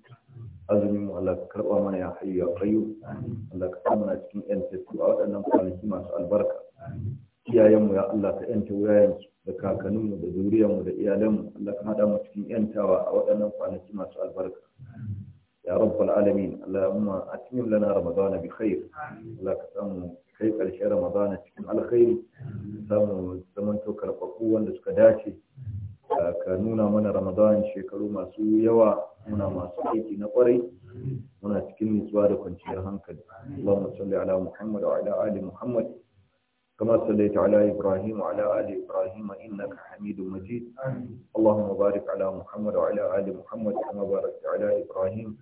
azumin mu Allah ka karɓa mana ya hayyu ya Allah ka sa mana cikin yantattu a waɗannan kwanaki masu albarka iyayen mu ya Allah ka yanta wuyayen da kakanninmu da zuriyarmu da iyalanmu Allah ka haɗa mu cikin yantawa a waɗannan kwanaki masu albarka ya rabbal alamin Allahumma atmim lana ramadana bi khair Allah ka samu kai ƙarshen ramadana cikin alkhairi samu zaman to karfafu wanda suka dace ka nuna mana ramadan shekaru masu yawa muna masu aiki na kwarai muna cikin nutsuwa da kwanciyar hankali Allahumma salli ala Muhammad wa ala ali Muhammad كما صليت على إبراهيم وعلى آل إبراهيم إنك حميد مجيد اللهم بارك على محمد وعلى آل محمد كما باركت على إبراهيم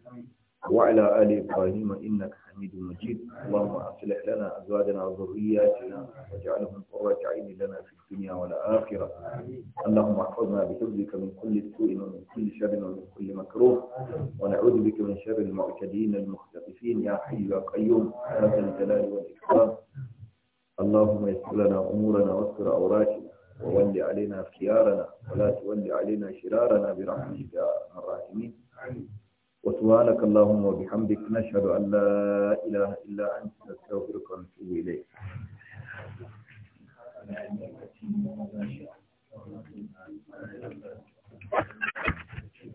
وعلى آل إبراهيم إنك حميد مجيد اللهم أصلح لنا أزواجنا وذرياتنا واجعلهم قرة عين لنا في الدنيا والآخرة اللهم احفظنا بحفظك من كل سوء ومن كل شر ومن كل مكروه ونعوذ بك من شر المعتدين المختطفين يا حي يا قيوم يا ذا الجلال والإكرام اللهم يسر لنا أمورنا واستر عوراتنا وول علينا خيارنا ولا تول علينا شرارنا برحمتك يا أرحم الراحمين وسبحانك اللهم وبحمدك نشهد أن لا إله إلا أنت نستغفرك ونتوب إليك Thank you.